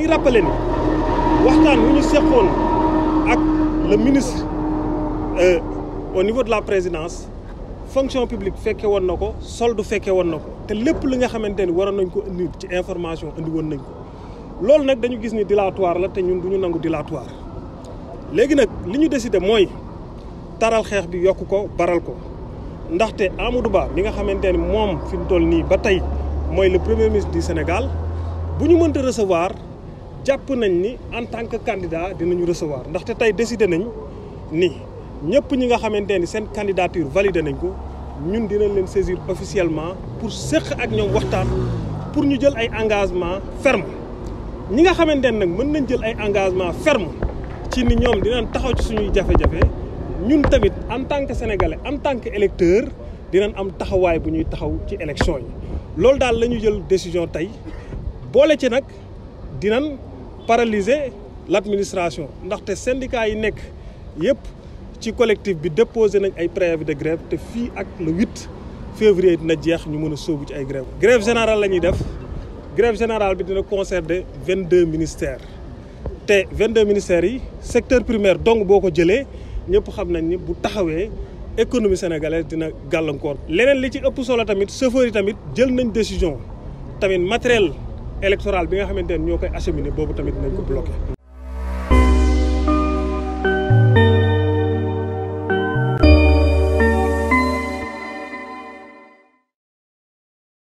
ñuy rappelé ni waxtaan wu ñu seqoon ak le ministre euh, au niveau de la présidence fonction publique fekke woon na ko solde fekke woon na ko te lépp li nga xamante ni waroon nañ ko indi ci information indi woon nañ ko loolu nag dañu gis ni dilatoire la te ñun duñu nangu dilatoire léegi nag li ñu décidé mooy taral xeex bi yokk ko baral ko ndaxte Amadou Ba mi nga xamante ni moom fi mu toll nii ba tey mooy le premier ministre du Sénégal bu ñu mënta recevoir jàpp nañ ni en tant que candidat dinañu recevoir ndax té tay décider nañ ni ñëpp ñi nga xamanté ni seen candidature validé nañ ko ñun dinañ leen saisir officiellement pour séq ak ñoom waxtaan pour ñu jël ay engagement ferme ñi nga xamanté ne nag mën nañ jël ay engagement ferme ci ni ñoom dinañ taxaw ci suñuy jafe-jafe ñun tamit en tant que sénégalais en tant que électeur dinañ am taxawaay bu ñuy taxaw ci élection yi loolu daal la ñu jël décision tey boole ci nag dinañ paralyser l'administration les syndicats yi nekk yëpp ci déposé des ay préavis de grève Et le 8 février nous avons ñu mën grève grève générale la grève générale bi 22 ministères Les 22 ministères secteur primaire donc boo ko jëlee ñëpp xam nañ ni bu sénégalaise dina gàllankoor leneen li ci ëpp solo tamit chauffeurs matériel électoral bi nga xamante ne ñoo koy acheminé boobu tamit nañ ko bloqué.